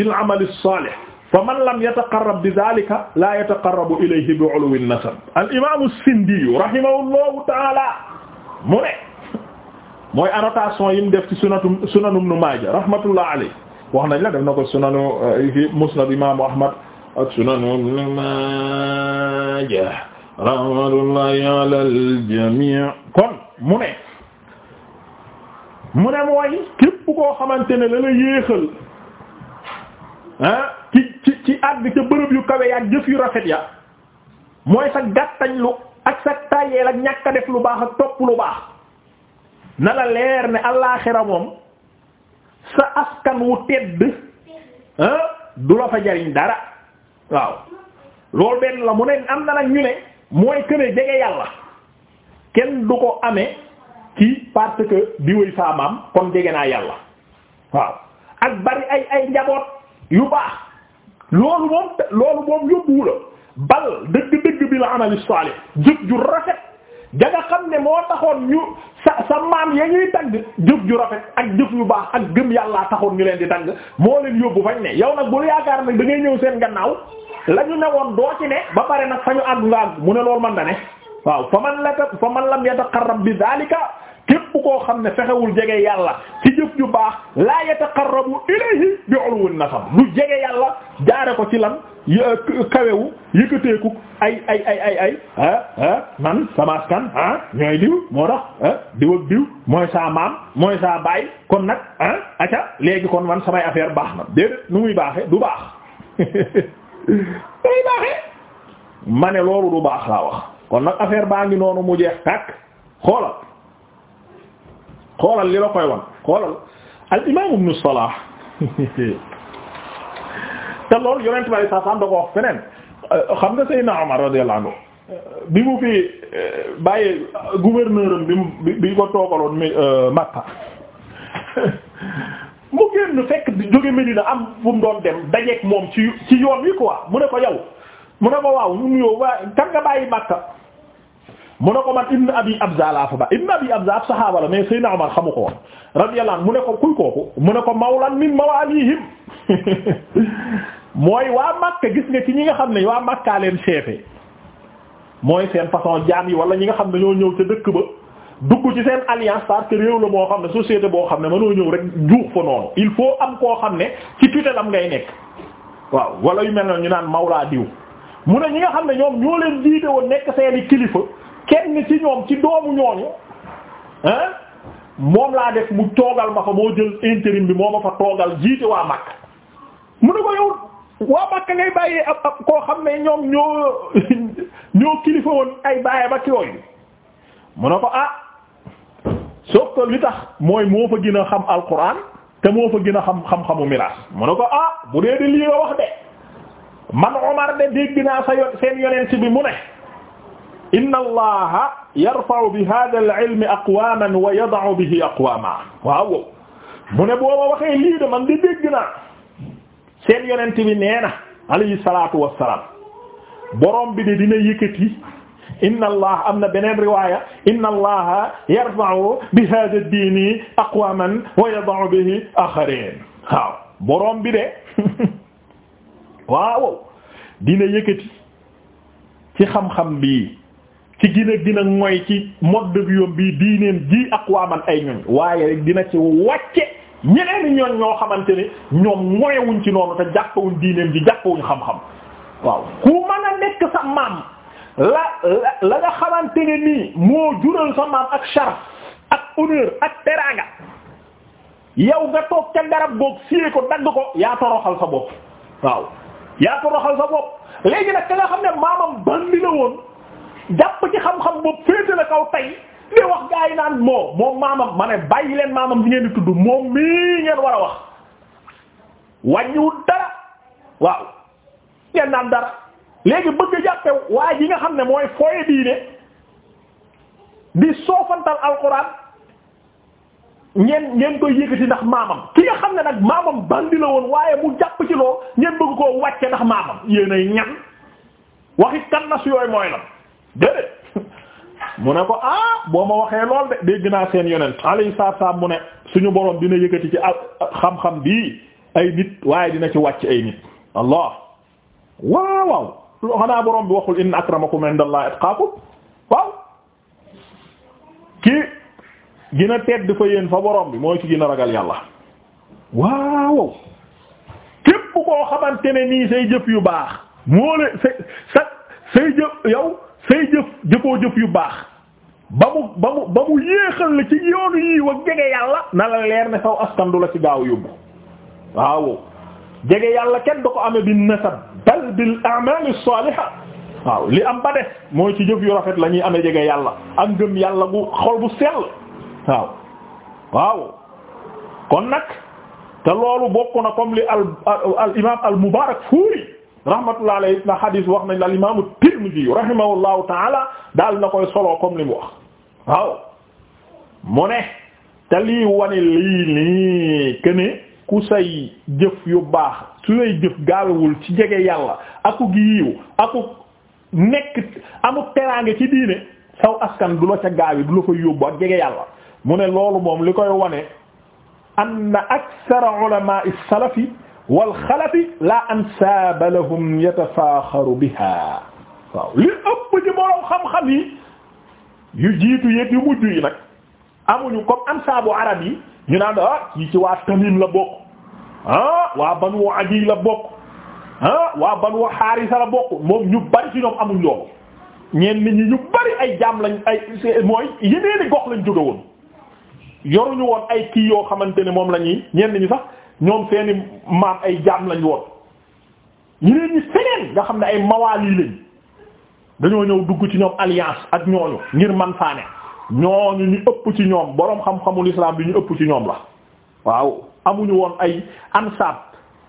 bil amal as-salih fa man lam yataqarrab bi dhalika la yataqarrabu ilayhi bi ulwi an-nasab al imam as-Sindi rahimahullahu ta'ala mu ne mooy annotation yi mu def ci sunanum sunanum nu Maaja rahmatullah alayhi wax nañ la def na ko sunanu fi eh, musnad imam Ahmad ak sunanum nu Maaja rahmatullahi ala al-jami' kon mu ne mu ne mooy képp koo xamante ne la la yéexal ah ci ci ci àgg ca bërëb yu kawe yaak jëf yu rafet ya mooy sa gàttañ lu ak sa tayeel ak ñàkk def lu baax ak topp lu baax na la leer ne allaaxira moom sa askan wu tedd ah du la fa jariñ dara waaw loolu benn la mu ne am na nag ñu ne mooy këne jege yàlla kenn du ko ame ci parce que di wéy saamaam kon jege naa yàlla waaw ak bari ay ay njaboot yu baax loolu moom loolu moom yóbbuwu la bal dëgg-dëgg bi la amali salih jëf ju rafet ja xam ne moo taxoon ñu sa sa maam ya ñuy tagg jëf ju rafet ak jëf yu baax ak gëm yàllaa taxoon ñu leen di tagg moo leen yóbbu fañ ne yow nag bul yaakaar nag da ngay ñëw seen gannaaw la ñu woon doo ci ne ba pare nag fa ñu àgg nga àgg mu ne loolu man da waaw fa man laka fa man lam yataqarrab bi dhalika képp koo xam ne fexewul jege yàlla ci jëf ju baax laa yataqarrabu ilayhi bi ulwin nasab du jege yàlla jaare ko ci lan kawewu yëkkateeku ay ay ay ay ah, ah, man sama askan ah ñooy diw moo tax ah diw mooy saa maam mooy saa baay kon nag ah aca léegi kon man samay affaire baax na déedéet nu muy baaxe du baax muy baaxe ma ne loolu du baax laa wax kon nag affaire baa ngi noonu mu jeex tàkk xoolal xoolal li la koy wan xoolal al imam ibn Salah te loolu yonent bi saa saam da ko wax feneen xam nga Seydina Omar radiyallahu bi mu fi euh, bàyyi gouverneur am bi mu bi ko toogaloon mi euh, Makka mu génn fekk jóge Medina am fu mu doon dem dajeek moom ci ci yoon wi quoi mu ne ko yow mu ne ko waaw ñun yow waa kan nga bàyyi Makka mu ne ko man ibn abi abza ba ibn abi abza ab saxaaba la mais Seydina Omar xamu ko woon radiyallahu mu ne ko kuy kooku mu ne ko mawlan min mawalihim mooy waa Makka gis nga ci ñi nga xam ne waa Makka leen seefe mooy seen façon yi wala ñi nga xam ne ñoo ñëw ca dëkk ba dugg ci seen alliance parce que réew la boo xam ne société boo xam ne mënoo ñëw rek juux fa noonu il faut am koo xam ne ci tutelam ngay nekk waaw wala yu mel na ñu naan mawlaa diw mu ne ñi nga xam ne ñoom ñoo leen diite woon nekk seeni kilifa kenn ci ñoom ci doomu ñooñu ah moom laa def mu toogal ma fa moo jël intérim bi moo ma fa toogal jiite waa Makka mu ne ko yow waa Makka ngay bàyyee ab ab koo xam ne ñoom ñoo ñoo kilifa woon ay bàyyi ba ki yooyu mu ne ko ah sauf que li tax mooy moo fa gën a xam alquran te moo fa gën a xam xam-xamu miraas mu ne ko ah bu dee de lii nga wax de man Omar de dégg naa sa seen yonent bi mu ne. inna allaha yarfa'u bi hadha al-ilmi aqwaman wa yada'u bihi aqwama waaw mu ne booba waxee lii de man di dégg naa seen yonent bi nee na alayhi salatu wassalam borom bi de dina yëkkati inna allah am na beneen riwaaya inna allaha yarfa'u bi hadha ad-diini aqwaman wa yada'u bihi akharin waaw borom bi de waaw dina yëkkati ci xam-xam bi ci gina gina moy ci modd bi yoon bii diineen ji man ay ñoñ waaye rek dina ci wàcce ñeneen ñoon ñoo xamante ni ñoom moyewuñ ci noonu te jàppawuñ diineen ji jàppawuñ xam-xam waaw ku mën a nekk sa maam la la nga xamante ne moo jural sa maam ak sharaf ak honneur ak teraanga yow nga toog ca garab goog siyee ko dagg ko yaa toroxal sa bopp waaw yaa toroxal sa bopp léegi nag ka nga xam ne maamam bandi la woon jàpp ci xam-xam boobu féete la kaw tey wax gaa yi naan moo moom maamam ma ne bàyyi leen maamam bi ngeen di tudd moom mii ngeen war a wax wàññiwul dara waaw ngeen naan dara léegi bëgg a jàppe ji nga xam ne mooy fooye diine di soofantal alxuraan ngeen ngeen koy yëkkati ndax maamam ki nga xam ne nag maamam bandi la woon waaye mu jàpp ci loo ngeen bëgg koo wàcce ndax maamam yéen ay ñan waxi kan yooyu mooy la déedéet mu ne ko ah boo ma waxee lool de dégg naa seen yonent alayhi salaam mu ne suñu borom dina yëkkati ci xam-xam bii ay nit waaye dina ci wàcc ay nit allah waaw waaw xanaa borom bi waxul inna akramakum indallahi atqaakum waaw ki gën a tedd fa yéen fa borom bi mooy ki gën a ragal yàlla waaw képp koo xamante ne nii say jëf yu baax moo le say sa say jëf yow say jëf jëfoo jëf yu baax ba mu ba mu ba mu yéexal la ci yoonu yii wa jege yàlla na la leer ne saw la ci gaaw yóbbu waaw jege yàlla kenn du ko amee bi nasab bal bil a'mal as-salihah waaw li am ba def mooy ci jëf yu rafet la ñuy amee jege yàlla am gëm yàlla bu xol bu sell waaw waaw kon nag te loolu bokk na comme li al al imaam al mubaarak fuuri rahmatullah alayhi na xadis wax nañ la al imaamu Tirmidhi rahimahullahu taala daal na koy solo comme li wax waaw mu ne te lii wane lii nii que ku say jëf yu baax su say jëf gaawewul ci jege yàlla akug yiiw akug nekk amuk teraange ci diine saw askan du la ca gaawi du la fa yóbbu ak jege yàlla mu ne loolu moom li koy wane anna akthara ulama salafi wal xalafi la ansaaba lahum yatafaaxaru biha waaw li ëpp ci borom xam-xam yi yu jiitu yéeg yu mujj yi nag amuñu comme ansaabu arab yi ñu naan ah kii ci waa Tamim la bokk ah waa Banu Adi la bokk ah waa Banu Haarisa la bokk moom ñu bari ci ñoom amuñ loolu ñeen nit ñi ñu bari ay jaam lañ ay mooy yeneeni gox lañ jóge woon yoruñu woon ay kii yoo xamante ne moom lañuy ñuy ñeen ñi sax ñoom seeni maam ay jaam lañ woon ñeneen ñi feneen nga xam ne ay mawaali lañ dañoo ñëw dugg ci ñoom alliance ak ñooñu ngir man faane ñooñu ñu ëpp ci ñoom boroom xam-xamul islam bi ñu ëpp ci ñoom la waaw amuñu woon ay ansaab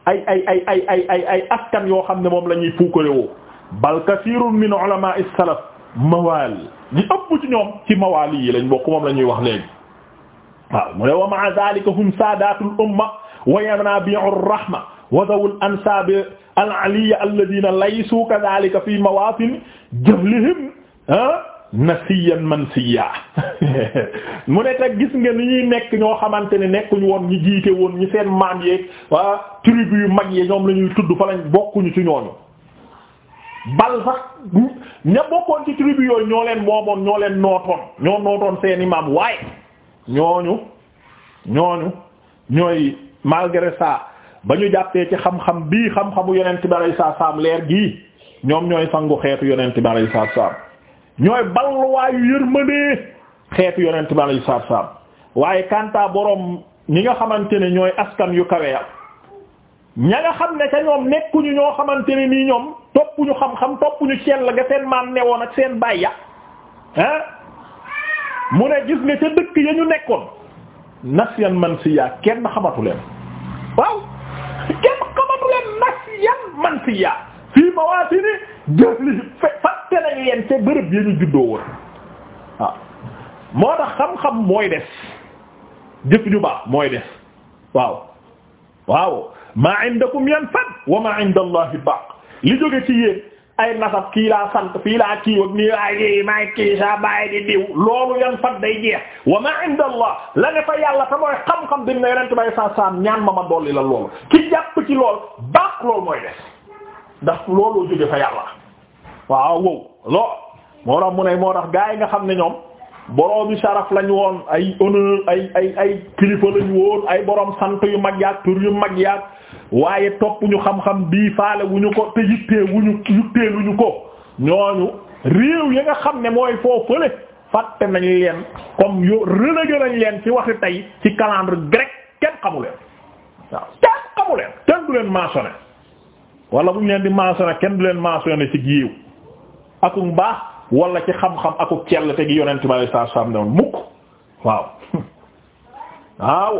ay ay ay ay ay ay ay askan yoo xam ne moom lañuy ñuy puukarewoo bal kasiirun min ulama as-salaf mawaal ñu ëpp ci ñoom yi lañ bokk la ñuy wax léegi waaw mu ne wa ma'a zalika hum saadatul umma wa yanabi'u rahma wa zawul ansaabi al-aliyya alladhina laysu kadhalika fi mawaatin jahlihim ah, nasiyan mansiya mu ne teg gis nga ni ñuy nekk ñoo xamante ne nekkuñ woon ñi jiite woon ñu seen maam yeeg waa ah, tribu yu mag yi ñoom lañuy tudd fa lañ bokkuñu ci ñooñu bal sax ña bokkoon ci tribu yooyu ñoo leen moomoon ñoo leen nootoon ñoo nootoon seeni maam waaye ñoo ñooñu ñooy malgré ça ba ñu jàppee ci xam-xam bii xam-xamu yonent bi alayhi salaam leer gii ñoom ñooy sangu xeetu yonent bi alayhi salaam ñooy balluwaayu yërmande xeetu yonent bi alayhi salaam waaye kanta boroom ñi nga xamante ne ñooy askan yu kawe ya ña nga xam ne ca ñoom nekkuñu ñoo xamante ne nii ñoom toppuñu xam-xam toppuñu seen la nga seen maam newoon ak seen baay ya ah mu ne gis nga ca dëkk ya ñu nekkoon. nasiyan mansiya kenn xamatu waaw kenn xamatu leen nasiyan mansiya fii mawaatini jahli fàtte nañ leen ca bërëb ya ñu juddoo woon xam-xam mooy des jëf ju baax mooy des waaw waaw maa indakum yanfad wa maa inda li jóge ci yéen ay nasab kii laa sant fii laa kii ak nii laa yéey maay di diw loolu yan fat day wa ma inda allah la ne fa yàlla te mooy xam-xam saam ñaan ma ma dolli la loolu ki jàpp ci lool baax loolu mooy def ndax looloo jóge fa yàlla waaw wow moo tax mu ne moo tax gaa yi nga xam ne ñoom boroomi saraf lañu woon ay honneur ay ay ay kilifa lañu woon ay boroom sant yu mag yaag tur yu mag yaag waaye topp ñu xam-xam bii faale wu ñu ko te yittee wu ñu yittee lu ñu ko ñooñu réew yi nga xam ne mooy foofu fële fàtte nañ leen comme yo relégué nañ leen ci waxi tey ci calendrier grec kenn xamu leen waaw kenn xamu leen kenn du leen mentionné wala bu ñu leen di mentionné kenn du leen mentionné ci giiw akum baax wala ci xam-xam akub cell te gi yonent bi alayhi salaam ne woon mukk waaw waaw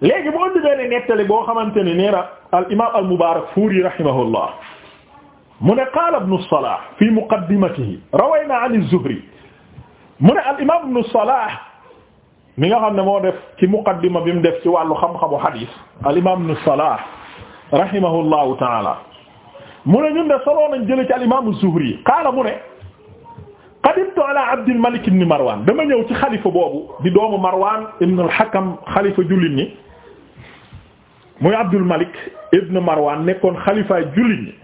léegi boo ëndi benn nettali boo xamante ne nee na al imaam al mubaarak fuuri rahimahullah mu ne qaala ibnu Salaah fi muqaddimatihi rawaynaa an az-Zuhri mu ne al imaam ibnu Salaah mi nga xam ne moo def ci muqaddima bi mu def ci wàllu xam-xamu hadis al imaam ibnu Salaah rahimahullahu ta'ala mu ne ñun de solo nañ jëlee ci al imaam az-Zuhri qaala mu ne qadimtu ala Abdul Malik ibn Marwan dama ñëw ci xalifa boobu di doomu Marwan ibn al-Hakam xalifa jullit ñi muy Abdul Malik ibn Marwan nekkoon xalifaay jullit ñi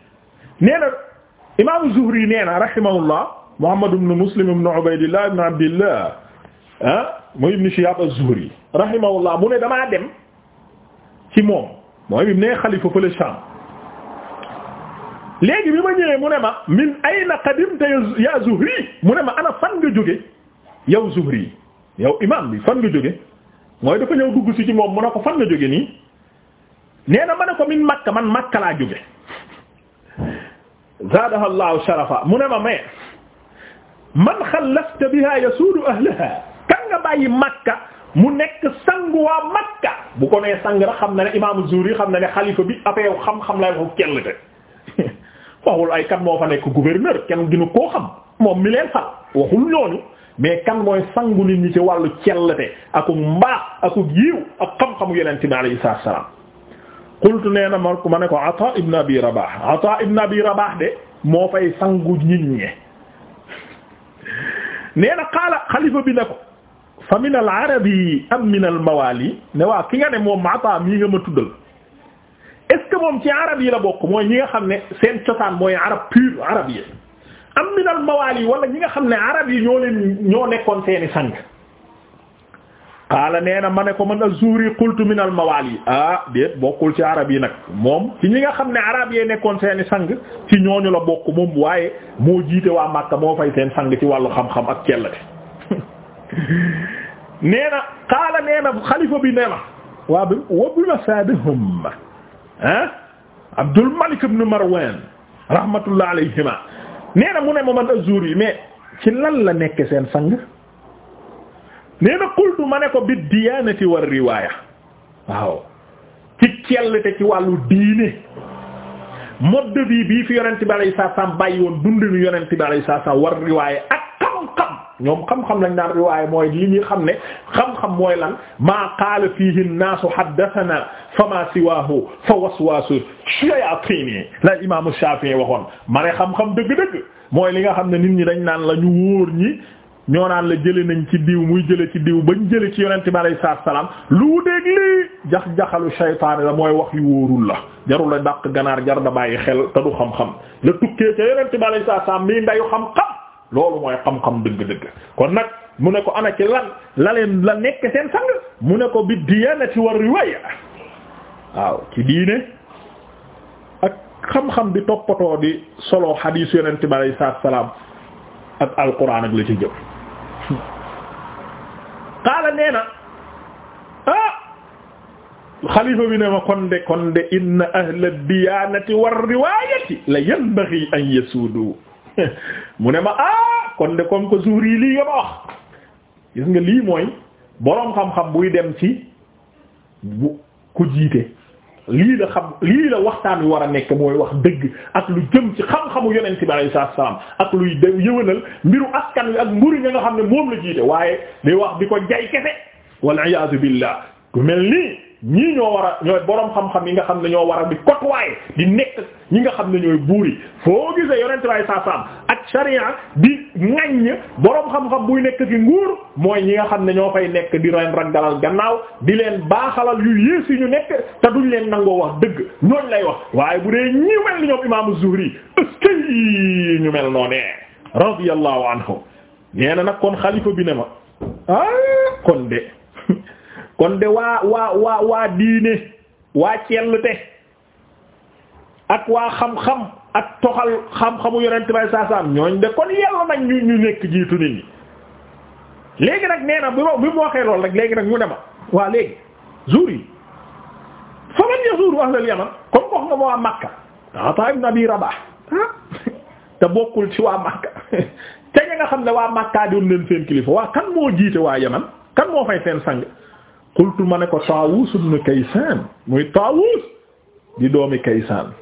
nee na imaamu Zuhri nee na rahimahullah Muhammad ibn Muslim ibn Ubaydillah ibn Abdillah ah muy ibn Shihab az-Zuhri rahimahullah mu ne damaa dem ci moom mooy bi mu nee xalifa fële Sham léegi bi ma ñëwee mu ne ma min ayna qadimta yaa Zuhri mu ne ma ana fan nga jóge yow Zuhri yow imam bi fan nga jóge mooy dafa ñëw dugg si ci moom mu ne ko fan nga jóge nii nee na ma ne ko min Makka man Makka laa jóge zaadaha Allahu sharafa mu ne ma mais man xallafta biha yasuudu ahlaha kan nga bàyyi Makka mu nekk sangu waa Makka bu ko nee sang ra xam na ne imam Zuhri xam na ne xalifa bi affaire xam-xam lay ko kell te waxul ay kan moo fa nekk gouverneur kenn ginu koo xam moom mi leen fal waxul ñooñu mais kan mooy sangu nit ñi ci wàllu cellate akuk mbaax akuk yiiw ak xam-xamu yonent bi alayhi salaam qultu nee na ma ma ne ko Ata ibn Abi Rabah Ata ibn Abi Rabah de moo fay sangu nit ñi nee na qaala xalifa bi ne ko fa min al arabi am min al mawali ne waa ki nga ne moom Ata mii nga ma tuddal est moom ci arab yi la bokk mooy ñi nga xam ne seen cosaan mooy arab pur arab yi am minal mawaali wala ñi nga xam ne arab yi ñoo leen ñoo nekkoon seeni sang qaala nee na ma ne ko man az-Zuhri qultu minal mawaali ah déet bokkul ci arab yi nag moom ci ñi nga xam ne arab yee nekkoon seeni sang ci ñooñu la bokk moom waaye moo jiite waa Makka moo fay seen sang ci wàllu xam-xam ak cellate nee na qaala nee xalifa bi ne na waa bi wa bi masadihum ah Abdul Malik ibn Marwan rahmatullah alayhima nee mu ne ma man azur yi mais ci lan la nekke seen sang nee na qultu ma ne ko bi diyaanati war riwaaya waaw ci cellte ci wàllu diine mode bii fi yonent bi alayhi salaam bàyyi woon dundinu yonent bi alayhi salaam war riwaaya ak xam-xam ñoom xam-xam lañ naan riwaay mooy li ñuy xam ne xam-xam mooy lan maa qaala fiihi an-naasu haddathana fama siwaahu fa waswaasu shayaatiin la imaamu Shaafi'i waxoon ma ne xam-xam dëgg-dëgg mooy li nga xam ne nit ñi dañ naan la ñu wóor ñi ñoo naan la jële nañ ci diw muy jële ci diw ba ñu jële ci yonente bi alayhi salaatu salaam lu dégg lii jax-jaxalu shaytaani la mooy wax yu wóorul la jarul la dàq ganaar jar da bàyyi xel te du xam-xam la tukkee ca yonente bi alayhi loolu mooy xam-xam dëgg-dëgg kon nag mu ne ko ana ci lan la la nekk seen sang mu ne ko bi diyanati war riwaya waaw ci diine ak xam-xam di toppatoo di solo xadiis yonent bi alayhi salaam ak alquran ak la ci jëm qaala nee na ah xalifa bi ne ma kon de kon ahla diyanati war riwayati la yanbaghi an yasuudu mu ne ma ah kon de comme que Zuhri yi lii nga ma wax gis nga lii mooy boroom xam-xam buy dem ci bu ku jiite lii la xam lii la waxtaan wi war a nekk mooy wax dëgg ak lu jëm ci xam-xamu yonent bi alayhi salaatu ak luy de yëwënal mbiru askan wi ak mburu nga xam ne moom la jiite waaye di wax di ko jay kese wal iyaazu billah ku mel nii ñii ñoo war a ñooy boroom xam-xam yi nga xam ne ñoo war a di côtoyer di nekk ñi nga xam ne ñooy buur yi foo gisee yonent baay saasaam ak sharia di ŋaññ borom xam-xam buy nekk ci nguur mooy ñi nga xam ne ñoo fay nekk di leen raggalal gannaaw di leen baaxalal yu yées yi ñu nekk te duñ leen nangoo wax dëgg ñooñ lay wax waaye bu dee ñi mel ni ñoom imaamu Zuhri yi ñu mel noonee radiyallahu anhu nee na nag kon xalifa bi ne ma ah kon de. kon de waa waa waa waa diine waa cellte ak waa xam-xam ak toxal xam-xamu yonent bay saasaam ñooñ de kon yellu nañ ñu ñu nekk jiitu nit ñi léegi nag nee na bi bi mu waxee lool rek léegi nag mu ne ma waa léegi zuur yi fa man yasuur ahlal yaman comme wax nga ma waa Makka Ata ibn Abi Rabah ah, te bokkul ci waa Makka te ña nga xam ne waa Makka doon leen seen kilifa waa kan moo jiite waa yaman kan moo fay seen sang qultu ma ne ko Taawus ibn Kaysaan muy Taawus di doomi Kaysaan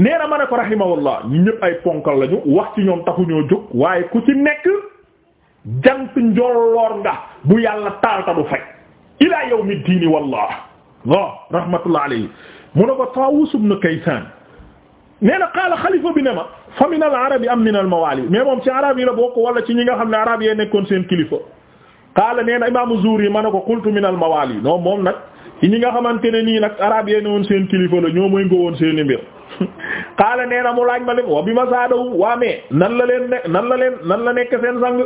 nee na ma ne ko rahimahullah ñu ñëpp ay ponkal lañu wax ci ñoom taxuñoo jóg waaye ku ci nekk jant njolloor nga bu yàlla taalta du fay ilaa yawmi diini wallah non rahmatullah alayhi mu ne ko Taawus ibn Kaysaan nee na qaala xalifa bi ne ma fa min al arabi am min al mawaali mais moom ci arab yi la bokk wala ci ñi nga xam ne arab yee nekkoon seen kilifa qaala nee na imaamu Zuhri ma ne ko qultu min al mawaali non moom nag ci ñi nga xamante ne nii nag arab yee ne woon seen kilifa la ñoo mëngo woon seen i mbir qaala nee na mu laaj ma leen wa bi ma saadawu waa mais nan la leen ne nan la leen nan la nekk seen sang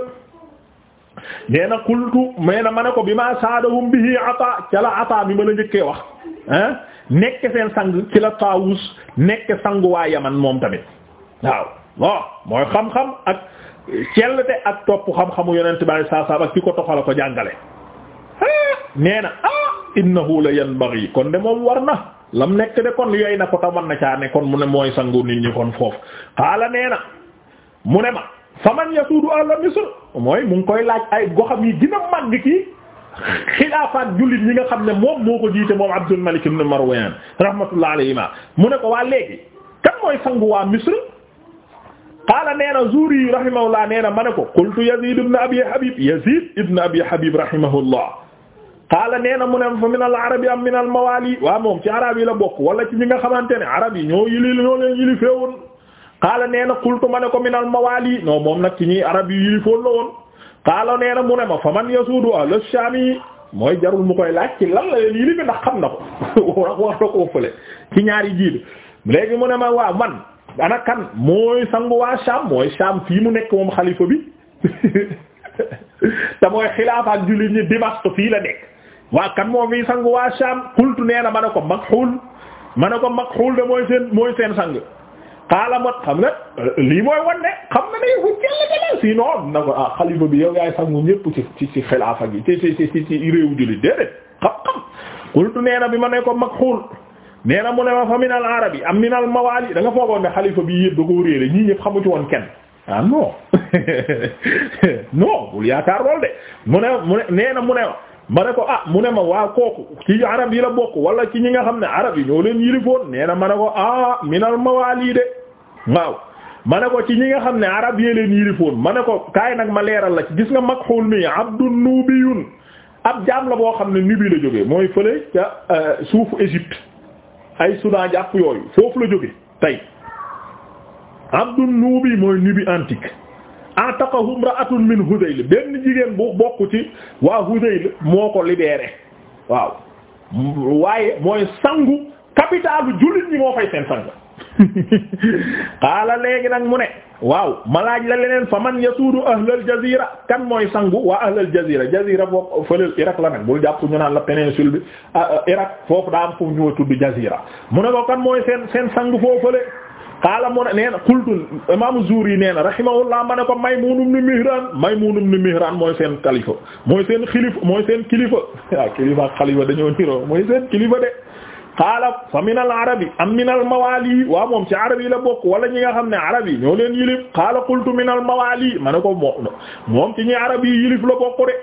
nee na qultu nee na ma ne ko bi ma saadahum bihi ata ca la ata bi ma la njëkkee wax ah nekk seen sang ci la Taawus nekk sangu waa Yaman moom tamit waaw bon mooy xam-xam ak cellte ak topp xam-xamu yonent bi saa saa ak ki ko toxala ko jàngale ah, nee na ah innahu la yanbaghi kon de moom war na lam nekk de kon yooy na ko ta mën na caa ne kon mu ne mooy sangu nit ñi kon foofu xaala nee mu ne ma faman yasuudu ala misr mooy mu ngi koy laaj ay goxam yi gën a màgg ki xilaafaat jullit ñi nga xam ne moom moo ko jiite moom Abdul Malik ibn Marwan rahmatullah alayhima mu ne ko waa léegi kan mooy sangu waa Misr qaala nee na Zuhri rahimahullah nee na ma ne ko qultu Yazid ibn Abi Habib Yazid ibn Abi Habib rahimahullah qaala nee na mu ne fa min al am min al mawali waa moom yi la bokk wala ci ñi nga xamante ne arab yi ñoo yili ñoo leen yili feewoon na qultu ma ne ko min al mawali moom nag ci ñuy arab yi yili foon la woon qaala na fa man yasuudu ahlu mooy jarul mu koy laaj ci lan la leen xam na ko wax wax na ko fële ma waa man ana kan mooy sangu waa mooy Sham fii mu nekk moom xalifa bi te mooy xilaafa ak jullit ñi Dimastu fii la nekk waa kan moom fii sangu waa Sham qultu nee na ma ne ko Makxuul ma ko Makxuul de mooy seen mooy seen sang xaala mot xam nga lii mooy wan ne xam nga ne bu jëlee jëlee sinon na ko ah xalifa bi yow yaay sangu ñépp ci ci ci ci ci ci ci réewu jullit déedéet xam-xam qultu nee bi ma ne ko Makxuul nee na mu ne ma fa min al arabi am min al mawali da nga foogoon ne xalifa bi yëpp da ko réere ñii ñëpp xamu woon kenn ah non non bul yaakaar lool de mu ne mu ne nee na mu ne ma ne ko a ah mu ne ma waa kooku ci arab yi la bokk wala ci ñi nga xam ne arab yi ñoo leen yilifoon nee na ma ne ko ah min al mawali de waaw ma ne ko ci ñi nga xam ne arab yee leen yilifoon ma ne ko kaay nag ma leeral la ci gis nga Makxuul mi abdun nubiyun ab jaam la boo xam ne nubi la jógee mooy fële euh, ay Soudan jàpp yooyu foofu la jóge tey abdul nuubi mooy nubi antique ataqahu imra'atun min Hudayl benn jigéen bu bokk ci waa Hudayl moo ko libéré waaw waaye mooy sangu capitalu jullit ñi moo fay seen sang xaala léegi nag mu ne waaw malaaj laaj la leneen fa man yasuudu ahlal jazira kan mooy sangu waa ahlal jazira jazira foofu fëleel Irak la nag bul jàpp ñu naan la péninsule bi ah, ah, Irak foofu daa am foofu ñu mu ne ko kan mooy seen seen sangu foofu fële xaala mu ne nee na qultu imam Zuhri nee na rahimahullah ma ne ko Maymun ibn Mihran mooy seen kalifa mooy seen xilif mooy seen kilifa waaw kilifa ak xalifa dañoo niroo mooy seen kilifa de qaala fa min al arabi am min al mawali waaw moom ci arab yi la bokk wala ñi nga xam ne arab yi ñoo leen yilif qaala qultu min al mawali ma ne ko moom ci ñi arab yi yilif la bokk de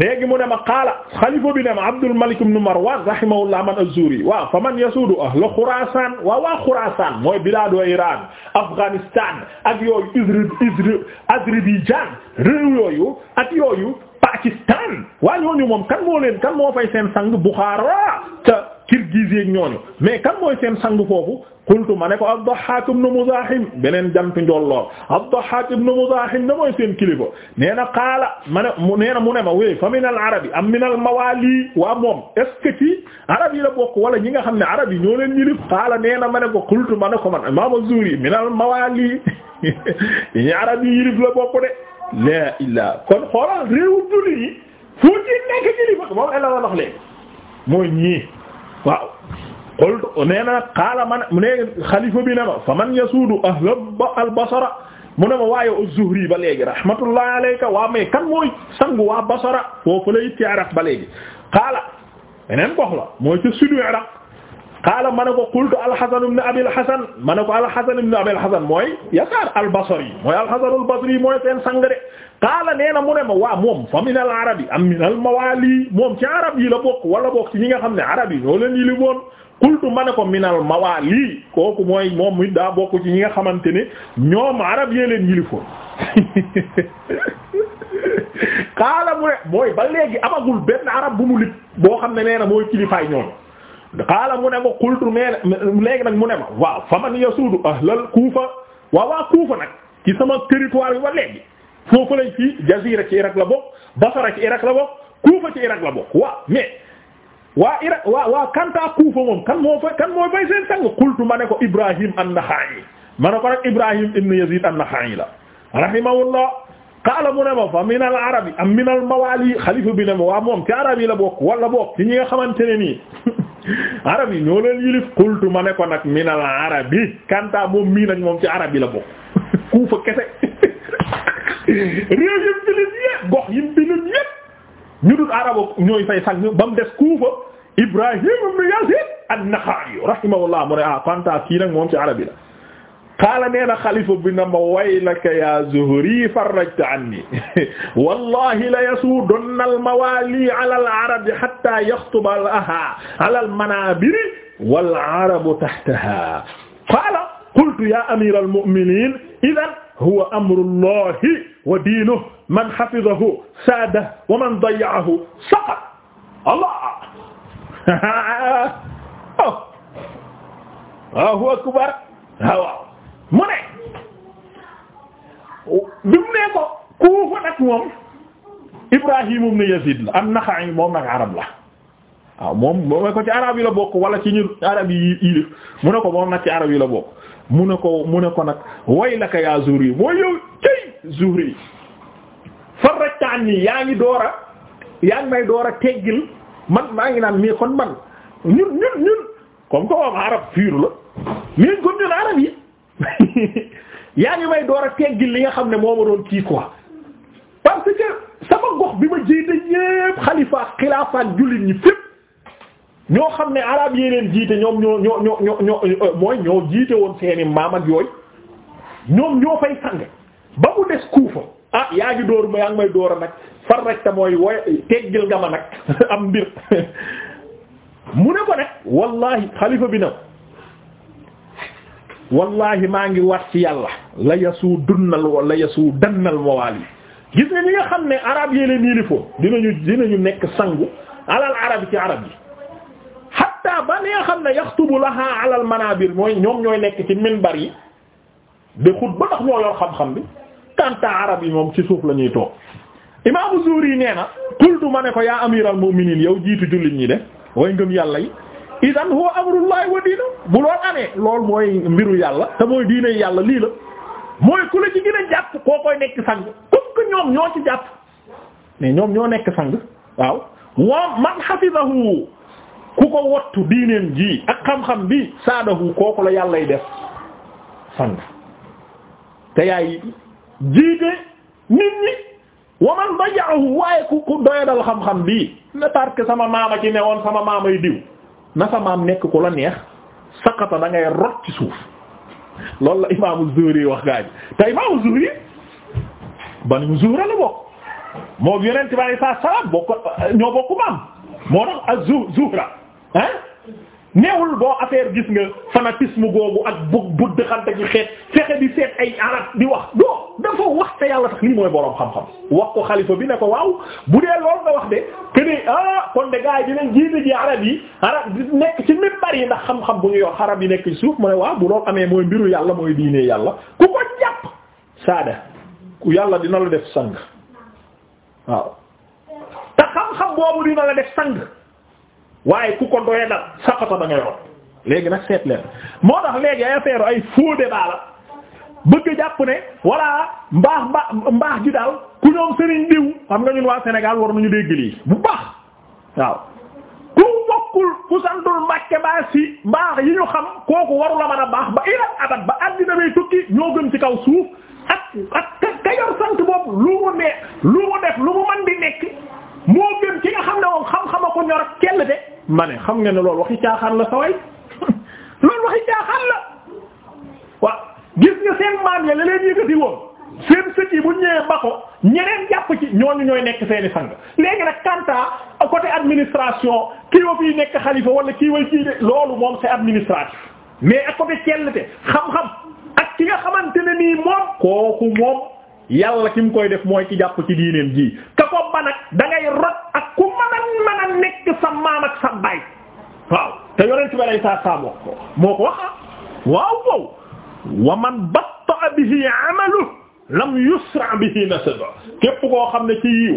léegi mu ne ma qaala xalifa bi ne ma Abdul Malik ibn Marwan rahimahullah man az-Zuri waaw fa man yasuudu ahla Xuraasaan waaw waa Xuraasaan mooy bilaadu Iran Afghanistan ak yooyu Isri Isri Azerbaïdjan réew yooyu ak yooyu Pakistan waa ñooñu moom kan moo leen kan moo fay seen sang Bukhara ca kirgiz ak ñooñu mais kan mooy seen sang foofu qultu ma ne ko ad-Dahhak ibn Muzahim beneen jant njolloor ad-Dahhak ibn Muzahim na mooy seen kilifa nee na qaala ma ne mu nee na ne ma wéy fa min al arabi am min al mawali waa moom est-ce yi la bokk wala ñi nga xam ne arab yi ñoo leen yilif qaala nee na ma ko qultu ma ko man imam az min al mawali ñi arab yilif la bokk de la illa kon xoolal réewu julli yi foo ci nekk kilifa moom ñii waaw qultu nee na nag qaala man ne xalifa bi ne ma fa man yasuudu ahla al-basara mu ne ma waaye az-Zuhri ba léegi rahmatullahi alayka waa mais kan mooy sangu waa basara foofu lay ci Iraq ba léegi qaala beneen gox la mooy ci sudu Iraq kaala ma ne ko qultu alxasan ibn abil xasan ma ne ko alxasan ibn abil xasan mooy yasaar albasri mooy alxasanul basri mooy seen sang de qaala nee na mu ma waa moom fa min al arabi am min al mawali moom ci arab yi la bokk wala bokk ci ñi nga xam ne arab yi ñoo leen yi li woon ma ko min al mawali kooku mooy moom mi daa bokk ci ñi nga xamante ne ñoom arab yee leen yilifoon qaala mu mooy ba léegi amagul benn arab bu mu boo xam ne nee na mooy kilifaay ñoom xaala mu ne ma qultu mais léegi nag mu ne ma waaw faman yasuudu ahlal kuufa waaw waa kuufa nag ci sama territoire yi ba léegi foofu lañ fii jazira ci Irak la bokk basara ci Irak la bokk kuufa ci Irak la bokk waaw mais waa Irak waa waa kanta kuufa moom kan moo fay kan moo fay seen sang qultu ma ne ko Ibrahim an-Naxa'i ma ne ko nag Ibrahim ibn Yazid an-Naxa'i la rahimahullah qaala mu ne ma fa min al arabi am min al mawali xalifa bi ne ma waa moom ci arab yi la bokk wala bokk ci ñi nga xamante ne nii arab yi ñoo leen yilif xultu ma ne ko nag minal arab yi kanta moom mii nag moom ci arab yi la bokk kuufa kese réew yim bilim yépp gox yim bilim yépp ñu dul arab ñooy fay sang ba mu des kuufa Ibrahim ibn Yazid an-Nakhai rahimahullah mu ne ah kanta kii nag moom ci arab yi la qaala nee na xalifa bi na ma waylaka ya Zuhri farrajta anni wallahi la yasuudanna almawaali ala alarabi hatta yaxtuba laha ala almanabiri walarabu tahtaha qaala qultu ya amira almuminin idan huwa amru llahi wa diinuhu man hafidahu saadahu wa man dayya'ahu saqata allah oh. Allahu akbar mu ne bi mu ne ko kuufa nag moom Ibrahim ibn Yazid la an-Naxa'i moom nag arab la waaw moom moom ko ci arab yi la bokk wala ci ñu arab yi mu ne ko moom nag ci arab yi la bokk mu ne ko mu ne ko nag waylaka yaa Zuhri mooy yow cëy Zuhri farrajta anni yaa ngi door a yaa ngi may door a teggil man maa ngi naan mii kon man ñun ñun ñun comme que moom arab fiiru la mais kon ñun arab yi yaa ngi may door a teggil li nga xam ne moo ma doon kii quoi parce que sama gox bi ma jiite yépp xalifa xilaafaat jullit ñi fépp ñoo xam ne arab yee leen jiite ñoom ñoo ñoo ñoo ñoo euh, mooy ñoo jiite woon seeni maam ak yooyu ñoom ñoo fay sang ba mu des kuufa ah yaa ngi door ma yaa ngi may door a nag far rek te mooy woy teggil nga ma nag am mbir mu ne ko nag wallahi xalifa bi nag wallahi maa ngi wax ci yàlla la yasuu dunnal wa la yasuu dannal mawaal yi gis nga ñi nga xam ne arab yee leen yilifoo dinañu dinañu nekk sangu alal arab ci arab yi hatta ba li xam ne yaxtubu laha alal manabir mooy ñoom ñooy nekk ci bar yi de xut ba tax ñoo yor xam-xam bi kanta arab yi moom ci suuf la ñuy toog imaamu Zuhri nee na qultu ma ne ko yaa amiral mu'minin yow jiitu jullit ñi de way ngëm yàlla yi idan huwa amrullahi wa diinu bu loolu amee lool mooy mbiru yàlla te mooy diine yàlla lii la mooy ku la ci gën jàpp koo koy nekk sang comme que ñoom ñoo ci jàpp mais ñoom ñoo nekk sang waaw wa man hafizahu ku ko wattu diineen ji ak xam-xam bi saadahu kooku la yàllay def sang te yaay jiite nit ñi wa man dayaahu waaye ku ku doyadal xam-xam bi ne parce sama maama ci newoon sama maamay diw na sa maam nekk ku la neex saqata da ngay rot ci suuf loolu la imaamu Zuhri wax gaa ji te imaamu Zuhri banu Zuhra la bokk moo yonent bi alayhi salaam bokk ñoo bokk maam moo tax ak Zuhra ah neewul boo affaire gis nga fanatisme googu ak bu bu dëxante gi xeet fexe di seet ay arab di wax te yàlla tax lii mooy boroom xam-xam wax ko xalifa bi ne ko waaw bu dee loolu nga wax de que ah kon de gars yi dinañ jiite ji arab yi arab nekk ci minbar yi ndax xam-xam bu ñu yor xarab yi nekk ci suuf mu ne waaw bu loolu amee mooy mbiru yàlla mooy diine yàlla ku ko jàpp saada ku yàlla dina la def sang waaw te xam-xam boobu dina la def sang waaye ku ko doyee dal saqata da nga yor léegi nag seet moo tax léegi ay affaire ay faux débat la bëgg jàpp ne voilà mbaax mbaax mbaax gi daal ku ñoom sëriñ diw xam nga ñun waa Sénégal war nañu dégg lii bu baax waaw ku bokkul ku santul Mbàkke baa si mbaax yi ñu xam kooku waru la a baax ba ila abat ba àddina may tukki ñoo gën ci kaw suuf ak ak ka yor sant boobu lu mu ne lu mu def lu mu mën di nekk moo gën ki nga xam ne moom xam-xama ko ñor ak kenn de ma ne xam nga ne loolu waxi caaxaan la saway loolu waxi caaxaan la waaw que seen maam ya la leen yëkkati woon seen sët yi bu ñëwee ba ko ñeneen jàpp ci ñooñu ñooy nekk seeni sang léegi nag kanta côté administration kii wa fii nekk xalifa wala kii way kii de loolu moom c'est administratif mais ak côté cellte xam-xam ak ki nga xamante ne nii moom kooku moom yàlla ki mu koy def mooy ci jàpp ci diineem ji ka ko ba nag da ak ku mën a nekk sa maam ak sa baay waaw te yonent bi lay saa saa moo ko moo ko ah. wa man batta'a bihi 'amaluhu lam yusra' bihi nasabuhu képp koo xam ne ci yiw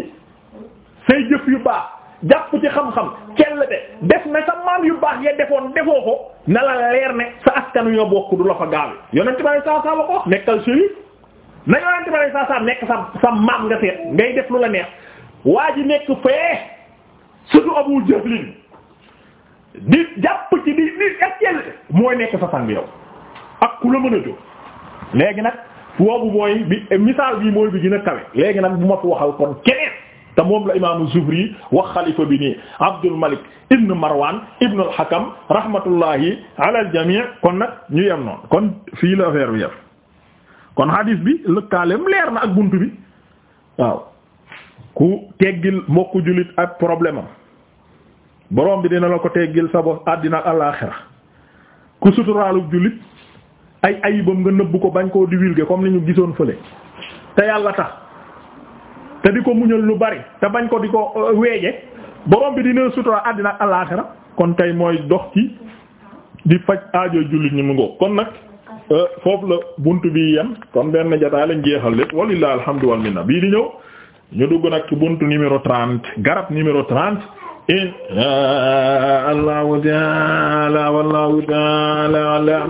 say jëf yu baax jàpp ci xam-xam kell de def na sa maam yu baax ya defoon defoo ko na la leer ne sa askanu yoo bokk du la fa gaawe yonent bari saa saa ba ko nekkal shérif na yonent bari saa saa nekk sa sa maam nga seet ngay def lu la neex waa ji nekk fee surtout Abu Jahlin di jàpp ci di di ak mooy nekk sa sang yow ak ku la mën a jóg léegi nag foofu mooy bi misaal bii mooy bi gën kawe léegi nag bu ma fi waxal kon keneen te moom la imaamu Zuhri wax xalifa bi nii Abdul Malik ibn Marwan ibn al-Hakam rahmatullahi ala kon nag ñu yem noonu kon fii la affaire bi yem kon hadis bi lëkkaaleem leer na ak bunt bi waaw ku teggil mbokku jullit ak problème am bi dina la ko teggil sa bopp àddina ak àllaaxira ku suturaalu jullit ay ayibam nga nëbb ko bañ koo divulguer comme ni ñu gisoon fële te yàlla tax te di ko muñal lu bari te bañ ko di ko euh, weeje borom bi dina sutura àddina ak alaaxira kon kay mooy dox ci di faj aajo jullit ñi mu ngoo kon nag euh, foofu la bunt bi yem kon benn jotaay lañ jeexal lépp walillahi alhamdu wal minna bii di ñëw ñu dugg nag ci buntu numéro trente garab numéro trente in allahu taala wallahu taala